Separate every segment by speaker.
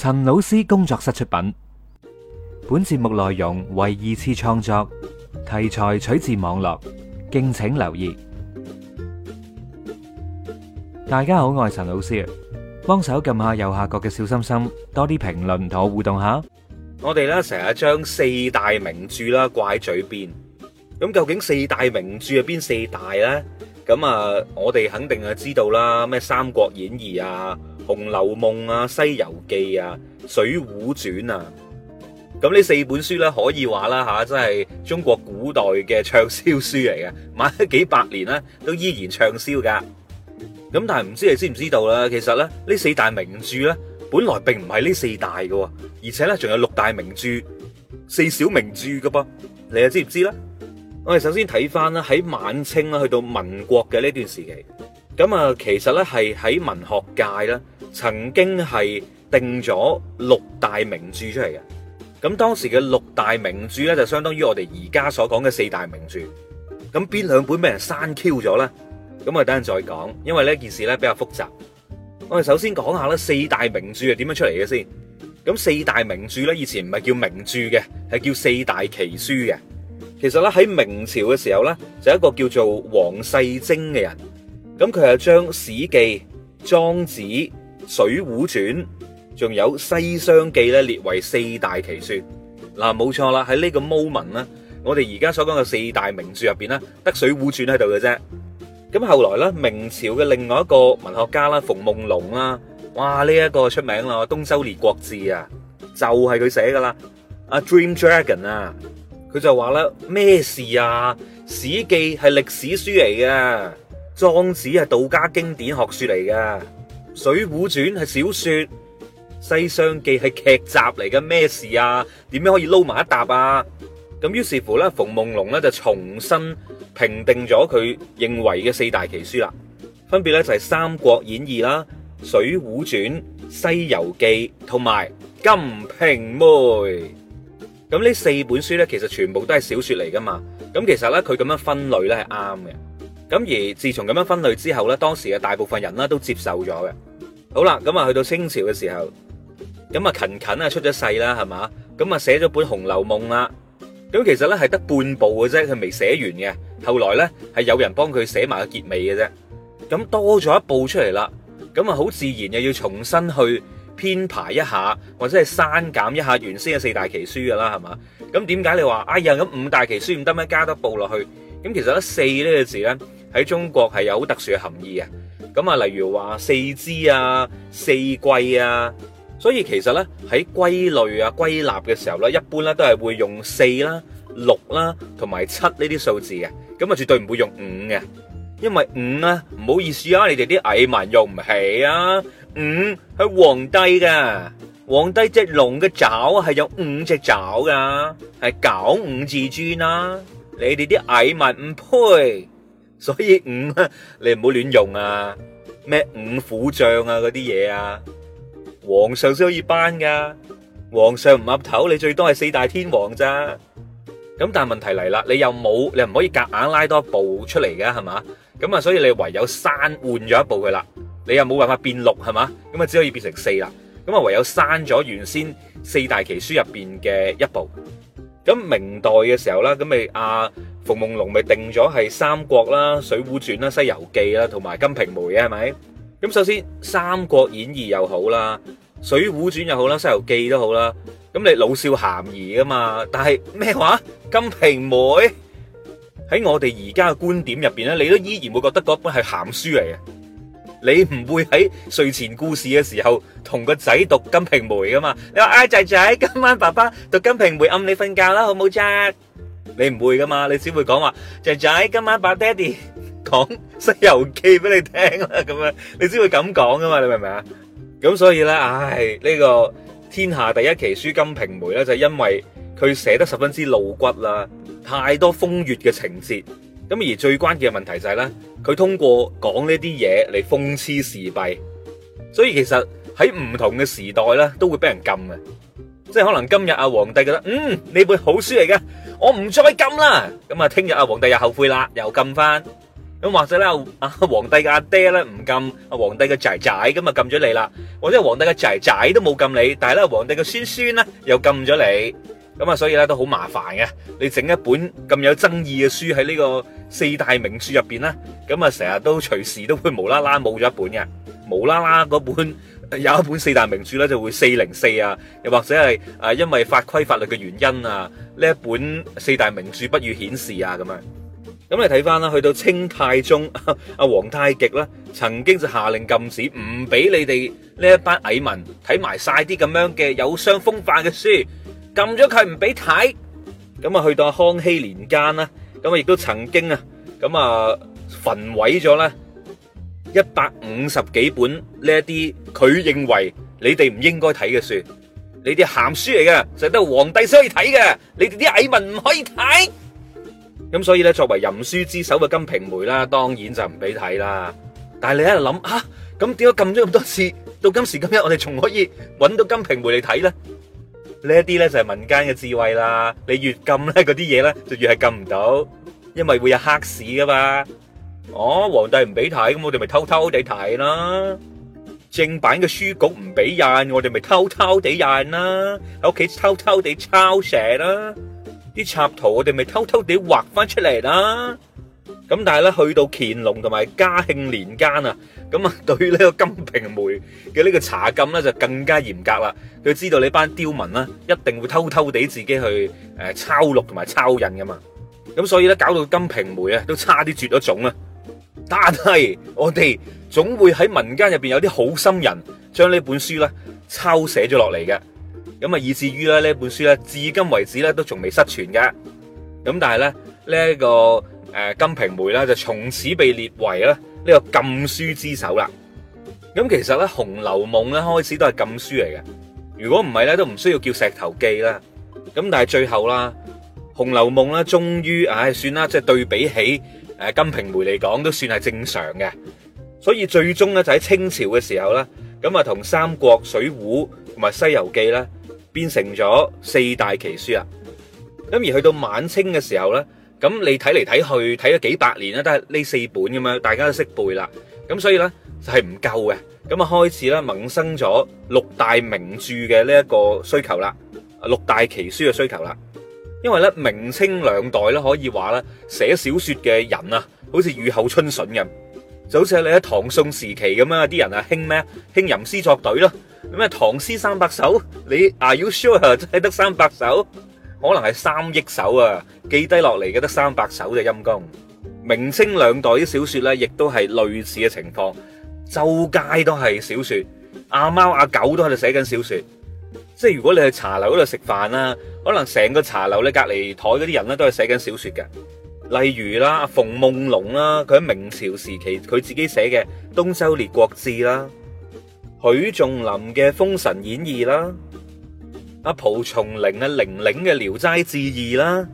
Speaker 1: 陳老師工作室出品，本節目內容為二次創作，題材取自網絡，敬請留意。大家好，我係陳老師，幫手撳下右下角嘅小心心，多啲評論同我互動下。我哋咧成日將四大名著啦掛喺嘴邊，咁究竟四大名著係邊四大呢？咁啊，我哋肯定係知道啦，咩《三國演義》啊，《紅樓夢》啊，《西遊記》啊，《水滸傳》啊，咁呢四本書咧，可以話啦吓，真係中國古代嘅暢銷書嚟嘅，賣咗幾百年啦，都依然暢銷噶。咁但係唔知你知唔知道啦，其實咧，呢四大名著咧，本來並唔係呢四大嘅，而且咧仲有六大名著、四小名著嘅噃，你又知唔知咧？我哋首先睇翻喺晚清去到民國嘅呢段時期，咁啊，其實咧係喺文學界咧，曾經係定咗六大名著出嚟嘅。咁當時嘅六大名著咧，就相當於我哋而家所講嘅四大名著。咁邊兩本俾人刪 Q 咗咧？咁啊，等陣再講，因為呢件事咧比較複雜。我哋首先講下咧四大名著係點樣出嚟嘅先。咁四大名著咧以前唔係叫名著嘅，係叫四大奇書嘅。其實咧喺明朝嘅時候咧，就一個叫做王世貞嘅人，咁佢係將《史記》《莊子》《水滸傳》仲有《西廂記》咧列為四大奇書。嗱，冇錯啦，喺呢個 moment 咧，我哋而家所講嘅四大名著入邊咧，得《水滸傳》喺度嘅啫。咁後來咧，明朝嘅另外一個文學家啦，馮夢龍啦，哇呢一個出名啦，《東周列國志》啊，就係佢寫噶啦，《阿 Dream Dragon》啊。佢就話啦，咩事啊？史記係歷史書嚟嘅，莊子係道家經典學書嚟嘅，水滸傳係小說，西廂記係劇集嚟嘅，咩事啊？點樣可以撈埋一沓啊？咁於是乎呢，馮夢龍咧就重新評定咗佢認為嘅四大奇書啦，分別咧就係三國演義啦、水滸傳、西遊記同埋金瓶梅。咁呢四本書咧，其實全部都係小說嚟噶嘛？咁其實咧，佢咁樣分類咧係啱嘅。咁而自從咁樣分類之後咧，當時嘅大部分人啦都接受咗嘅。好啦，咁啊去到清朝嘅時候，咁啊秦秦啊出咗世啦，係嘛？咁啊寫咗本《紅樓夢》啦。咁其實咧係得半部嘅啫，佢未寫完嘅。後來咧係有人幫佢寫埋個結尾嘅啫。咁多咗一部出嚟啦，咁啊好自然又要重新去。編排一下，或者係刪減一下原先嘅四大奇書㗎啦，係嘛？咁點解你話哎呀咁五大奇書唔得咩？加得部落去？咁其實咧四呢個字咧喺中國係有好特殊嘅含義嘅。咁啊，例如話四支啊、四季啊，所以其實咧喺歸類啊、歸納嘅時候咧，一般咧都係會用四啦、啊、六啦同埋七呢啲數字嘅。咁啊，那絕對唔會用五嘅，因為五啊唔好意思啊，你哋啲蟻民用唔起啊！五、嗯、係皇帝㗎。皇帝隻龍嘅爪係有五隻爪噶，係九五至尊啦，啊。你哋啲蟻民唔配，所以五、嗯、你唔好亂用啊。咩五虎將啊嗰啲嘢啊，皇上先可以頒噶，皇上唔岌頭，你最多係四大天王咋。咁但係問題嚟啦，你又冇，你唔可以夾硬拉多一部出嚟㗎，係嘛？咁啊，所以你唯有刪換咗一部㗎啦。你又冇辦法變六係嘛？咁啊，只可以變成四啦。咁啊，唯有刪咗原先四大奇書入邊嘅一部。咁明代嘅時候啦，咁咪阿馮夢龍咪定咗係三國啦、水滸傳啦、西遊記啦，同埋金瓶梅啊係咪？咁首先三國演義又好啦，水滸傳又好啦，西遊記都好啦，咁你老少咸宜噶嘛？但係咩話？金瓶梅喺我哋而家嘅觀點入邊咧，你都依然會覺得嗰本係鹹書嚟嘅。你唔會喺睡前故事嘅時候同個仔讀《金瓶梅》噶嘛？你話唉仔仔，今晚爸爸讀《金瓶梅》暗你瞓覺啦，好唔好啫？你唔會噶嘛？你只會講話仔仔，今晚把爹哋講《西遊記》俾你聽啦，咁樣你先會咁講噶嘛？你明唔明啊？咁所以咧，唉，呢個天下第一奇書《金瓶梅》咧，就係因為佢寫得十分之露骨啦，太多風月嘅情節。咁而最關鍵嘅問題就係咧。佢通過講呢啲嘢嚟諷刺時弊，所以其實喺唔同嘅時代咧都會俾人禁嘅。即係可能今日阿皇帝覺得嗯，你本好書嚟嘅，我唔再禁啦，咁啊聽日阿皇帝又後悔啦，又禁翻，咁或者咧阿皇帝嘅阿爹咧唔禁，阿皇帝嘅仔仔咁啊禁咗你啦，或者皇帝嘅仔仔都冇禁你，但係咧皇帝嘅孫孫咧又禁咗你。咁啊，所以咧都好麻煩嘅。你整一本咁有爭議嘅書喺呢個四大名著入邊咧，咁啊成日都隨時都會無啦啦冇咗一本嘅，無啦啦嗰本有一本四大名著咧就會四零四啊，又或者係因為法規法律嘅原因啊，呢一本四大名著不予顯示啊咁樣。咁你睇翻啦，去到清太宗阿皇太極啦，曾經就下令禁止唔俾你哋呢一班蟻民睇埋曬啲咁樣嘅有傷風化嘅書。禁咗佢唔俾睇，咁啊去到康熙年間啦，咁啊亦都曾經啊，咁啊焚毀咗咧一百五十幾本呢一啲佢認為你哋唔應該睇嘅書，你啲鹹書嚟噶，就係得皇帝先可以睇嘅，你哋啲蟻民唔可以睇。咁所以咧，作為淫書之首嘅《金瓶梅》啦，當然就唔俾睇啦。但係你喺度諗吓，咁點解禁咗咁多次，到今時今日我哋仲可以搵到《金瓶梅》嚟睇咧？呢一啲咧就係民間嘅智慧啦，你越禁咧嗰啲嘢咧就越係禁唔到，因為會有黑市噶嘛。哦，皇帝唔俾睇，咁我哋咪偷偷地睇啦。正版嘅書局唔俾印，我哋咪偷偷地印啦。喺屋企偷偷地抄寫啦，啲插圖我哋咪偷偷地畫翻出嚟啦。咁但係咧，去到乾隆同埋嘉慶年間啊，咁啊，對呢個《金瓶梅》嘅呢個查禁咧就更加嚴格啦。佢知道呢班刁民咧，一定會偷偷地自己去誒抄錄同埋抄印噶嘛。咁所以咧，搞到《金瓶梅》啊，都差啲絕咗種啊。但係我哋總會喺民間入邊有啲好心人將呢本書咧抄寫咗落嚟嘅，咁啊，以至於咧呢本書咧至今為止咧都仲未失傳嘅。咁但係咧呢一個。誒，《金瓶梅》呢，就從此被列為咧呢個禁書之首啦。咁其實咧，《紅樓夢》咧開始都係禁書嚟嘅。如果唔係咧，都唔需要叫《石頭記》啦。咁但係最後啦，《紅樓夢》咧終於，唉，算啦，即係對比起誒《金瓶梅》嚟講，都算係正常嘅。所以最終咧就喺清朝嘅時候咧，咁啊同《三國》《水滸》同埋《西遊記》咧變成咗四大奇書啊。咁而去到晚清嘅時候咧。咁你睇嚟睇去睇咗幾百年啦，都係呢四本咁樣，大家都識背啦。咁所以咧就係唔夠嘅，咁啊開始啦萌生咗六大名著嘅呢一個需求啦，六大奇書嘅需求啦。因為咧明清兩代咧可以話咧寫小説嘅人啊，好似雨後春筍咁，就好似你喺唐宋時期咁樣，啲人啊興咩？興吟詩作對囉，咩唐詩三百首？你 Are you sure 真係得三百首？可能係三億首啊，記低落嚟嘅，得三百首嘅陰功。明清兩代啲小說咧，亦都係類似嘅情況，周街都係小說，阿、啊、貓阿、啊、狗都喺度寫緊小說。即係如果你去茶樓嗰度食飯啦，可能成個茶樓咧隔籬台嗰啲人咧都係寫緊小說嘅。例如啦，馮夢龍啦，佢喺明朝時期佢自己寫嘅《東周列國志》啦，許仲林嘅《封神演義》啦。阿、啊、蒲松齡嘅《玲、啊、玲》嘅《聊齋誌異》啦、啊，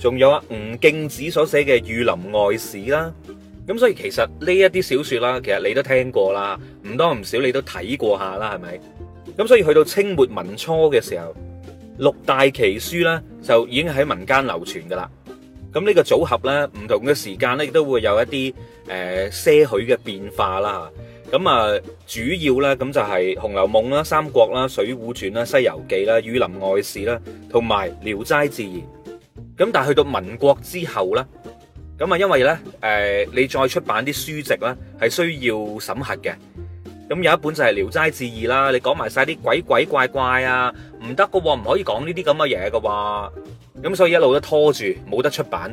Speaker 1: 仲有阿吳敬梓所寫嘅《儒林外史》啦、啊，咁、啊、所以其實呢一啲小說啦，其實你都聽過啦，唔多唔少你都睇過一下啦，係咪？咁、啊、所以去到清末民初嘅時候，六大奇書啦，就已經喺民間流傳噶啦。咁、啊、呢、這個組合咧，唔同嘅時間咧，亦都會有一啲誒些許嘅、呃、變化啦。啊咁啊，主要咧咁就係《紅樓夢》啦、《三國》啦、《水滸傳》啦、《西遊記》啦、《儒林外史》啦，同埋《聊齋志異》。咁但係去到民國之後咧，咁啊因為咧，誒你再出版啲書籍咧係需要審核嘅。咁有一本就係《聊齋志異》啦，你講埋晒啲鬼鬼怪怪啊，唔得噶喎，唔可以講呢啲咁嘅嘢噶喎。咁所以一路都拖住，冇得出版。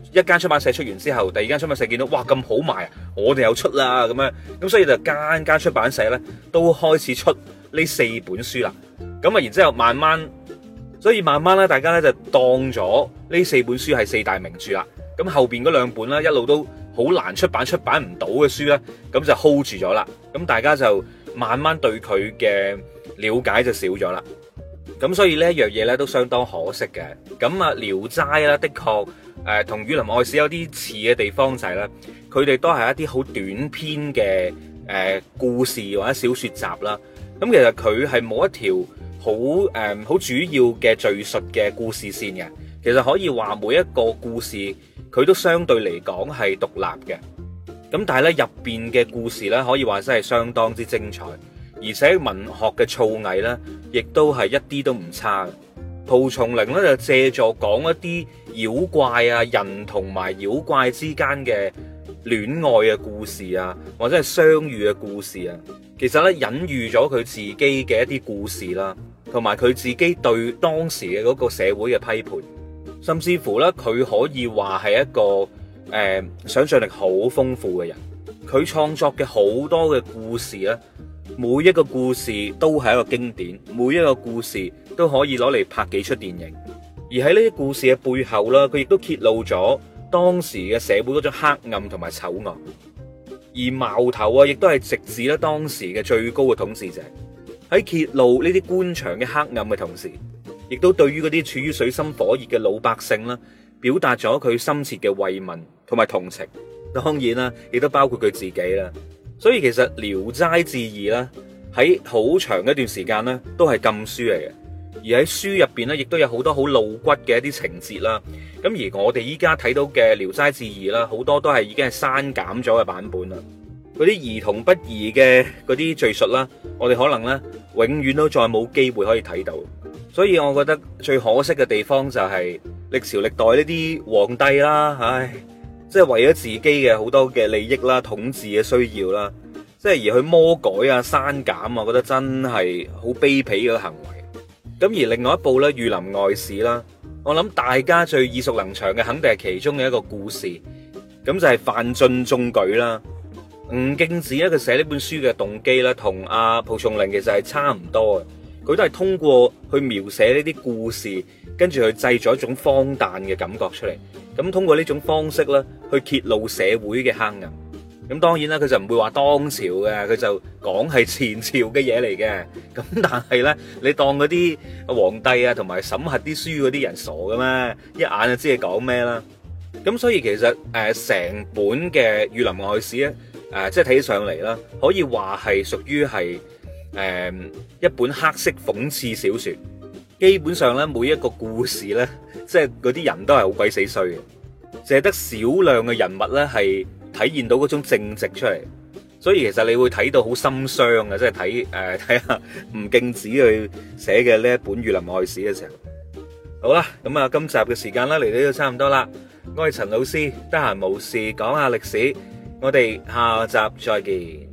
Speaker 1: 一間出版社出完之後，第二間出版社見到哇咁好賣，我哋又出啦咁樣咁，所以就間間出版社呢都開始出呢四本書啦。咁啊，然之後慢慢，所以慢慢咧，大家呢就當咗呢四本書係四大名著啦。咁後面嗰兩本咧一路都好難出版，出版唔到嘅書呢，咁就 hold 住咗啦。咁大家就慢慢對佢嘅了解就少咗啦。咁所以呢一樣嘢呢，都相當可惜嘅。咁啊，《聊齋》啦，的確。誒同儒林外史有啲似嘅地方就係咧，佢哋都係一啲好短篇嘅誒故事或者小說集啦。咁其實佢係冇一條好誒好主要嘅敘述嘅故事線嘅。其實可以話每一個故事佢都相對嚟講係獨立嘅。咁但係咧入面嘅故事咧可以話真係相當之精彩，而且文學嘅造詣咧亦都係一啲都唔差。蒲松齡咧就借助講一啲妖怪啊，人同埋妖怪之間嘅戀愛嘅故事啊，或者係相遇嘅故事啊，其實咧隱喻咗佢自己嘅一啲故事啦、啊，同埋佢自己對當時嘅嗰個社會嘅批判，甚至乎呢，佢可以話係一個誒、呃、想象力好豐富嘅人，佢創作嘅好多嘅故事咧。每一個故事都係一個經典，每一個故事都可以攞嚟拍幾出電影。而喺呢啲故事嘅背後啦，佢亦都揭露咗當時嘅社會嗰種黑暗同埋醜惡。而矛頭啊，亦都係直指咧當時嘅最高嘅統治者。喺揭露呢啲官場嘅黑暗嘅同時，亦都對於嗰啲處於水深火熱嘅老百姓啦，表達咗佢深切嘅慰問同埋同情。當然啦，亦都包括佢自己啦。所以其實《聊齋志異》咧，喺好長嘅一段時間咧都係禁書嚟嘅，而喺書入邊咧亦都有好多好露骨嘅一啲情節啦。咁而我哋依家睇到嘅《聊齋志異》啦，好多都係已經係刪減咗嘅版本啦。嗰啲兒童不宜嘅嗰啲敘述啦，我哋可能咧永遠都再冇機會可以睇到。所以我覺得最可惜嘅地方就係歷朝歷代呢啲皇帝啦，唉。即係為咗自己嘅好多嘅利益啦、統治嘅需要啦，即係而去魔改啊、刪減啊，我覺得真係好卑鄙嘅行為。咁而另外一部咧《儒林外史》啦，我諗大家最耳熟能詳嘅肯定係其中嘅一個故事，咁就係范進中舉啦。吳敬梓咧佢寫呢本書嘅動機咧，同阿蒲松齡其實係差唔多嘅，佢都係通過去描寫呢啲故事。跟住佢製咗一種荒誕嘅感覺出嚟，咁通過呢種方式咧，去揭露社會嘅黑暗。咁當然啦，佢就唔會話當朝嘅，佢就講係前朝嘅嘢嚟嘅。咁但係咧，你當嗰啲皇帝啊，同埋審核啲書嗰啲人傻嘅咩？一眼就知你講咩啦。咁所以其實誒，成本嘅《儒林外史》咧，誒即係睇起上嚟啦，可以話係屬於係誒一本黑色諷刺小説。基本上咧，每一個故事咧，即係嗰啲人都係好鬼死衰嘅，淨係得少量嘅人物咧係體現到嗰種正直出嚟，所以其實你會睇到好心傷呀，即係睇誒睇下吳敬梓佢寫嘅呢一本《儒林外史》嘅時候。好啦，咁啊，今集嘅時間咧嚟到都差唔多啦。我係陳老師，得閒無事講下歷史，我哋下集再見。